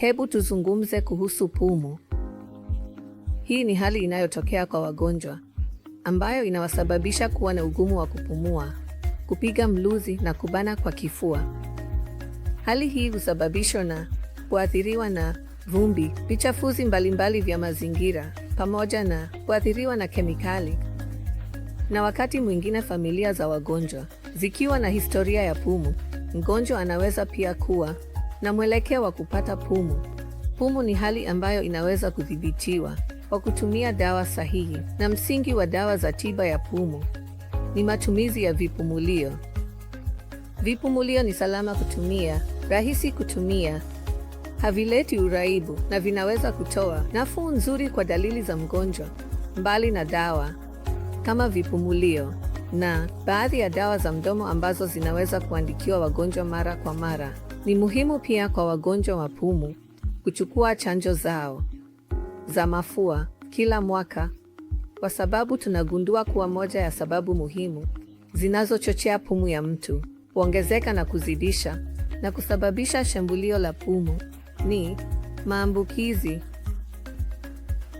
Hebu tuzungumze kuhusu pumu. Hii ni hali inayotokea kwa wagonjwa ambayo inawasababisha kuwa na ugumu wa kupumua, kupiga mluzi na kubana kwa kifua. Hali hii husababishwa na kuathiriwa na vumbi, vichafuzi mbalimbali vya mazingira, pamoja na kuathiriwa na kemikali. Na wakati mwingine familia za wagonjwa zikiwa na historia ya pumu, mgonjwa anaweza pia kuwa na mwelekeo wa kupata pumu. Pumu ni hali ambayo inaweza kudhibitiwa kwa kutumia dawa sahihi, na msingi wa dawa za tiba ya pumu ni matumizi ya vipumulio. Vipumulio ni salama kutumia, rahisi kutumia, havileti uraibu na vinaweza kutoa nafuu nzuri kwa dalili za mgonjwa. Mbali na dawa kama vipumulio na baadhi ya dawa za mdomo ambazo zinaweza kuandikiwa wagonjwa mara kwa mara. Ni muhimu pia kwa wagonjwa wa pumu kuchukua chanjo zao za mafua kila mwaka, kwa sababu tunagundua kuwa moja ya sababu muhimu zinazochochea pumu ya mtu kuongezeka na kuzidisha na kusababisha shambulio la pumu ni maambukizi.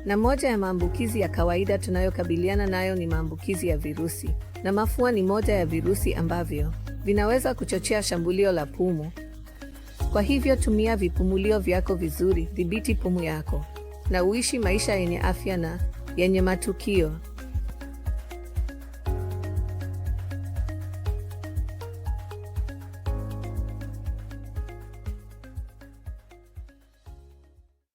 Na moja ya maambukizi ya kawaida tunayokabiliana nayo ni maambukizi ya virusi, na mafua ni moja ya virusi ambavyo vinaweza kuchochea shambulio la pumu. Kwa hivyo tumia vipumulio vyako vizuri, dhibiti pumu yako, na uishi maisha yenye afya na yenye matukio.